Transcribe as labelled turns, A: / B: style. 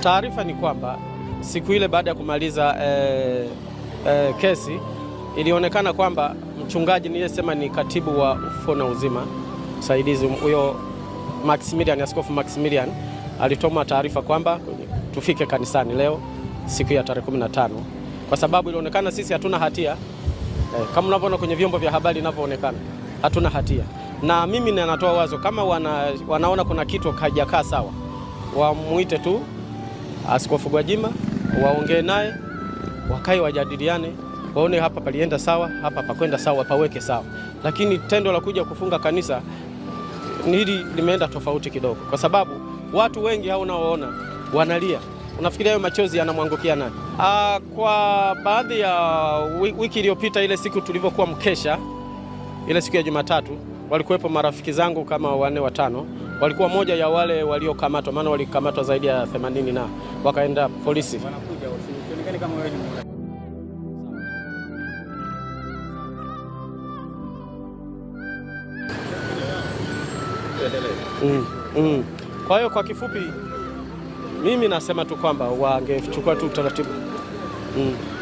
A: Taarifa ni kwamba siku ile baada ya kumaliza eh, eh, kesi ilionekana kwamba mchungaji niliyesema ni katibu wa Ufufuo na Uzima msaidizi huyo Maximilian, Askofu Maximilian alitoma taarifa kwamba tufike kanisani leo siku ya tarehe 15 kwa sababu ilionekana sisi hatuna hatia eh, kama unavyoona kwenye vyombo vya habari inavyoonekana hatuna hatia, na mimi ninatoa wazo kama wana, wanaona kuna kitu hakijakaa sawa, wamuite tu Askofu Gwajima waongee naye, wakae wajadiliane, waone hapa palienda sawa, hapa pakwenda sawa, paweke sawa, lakini tendo la kuja kufunga kanisa hili limeenda tofauti kidogo, kwa sababu watu wengi hao unaoona wanalia, unafikiria hayo machozi yanamwangukia nani? Ah, kwa baadhi ya wiki iliyopita, ile siku tulivyokuwa mkesha, ile siku ya Jumatatu, walikuwepo marafiki zangu kama wanne watano, walikuwa moja ya wale waliokamatwa, maana walikamatwa zaidi ya 80 na wakaenda polisi. mm, mm. Kwa hiyo kwa kifupi mimi nasema tu kwamba wangechukua tu utaratibu mm.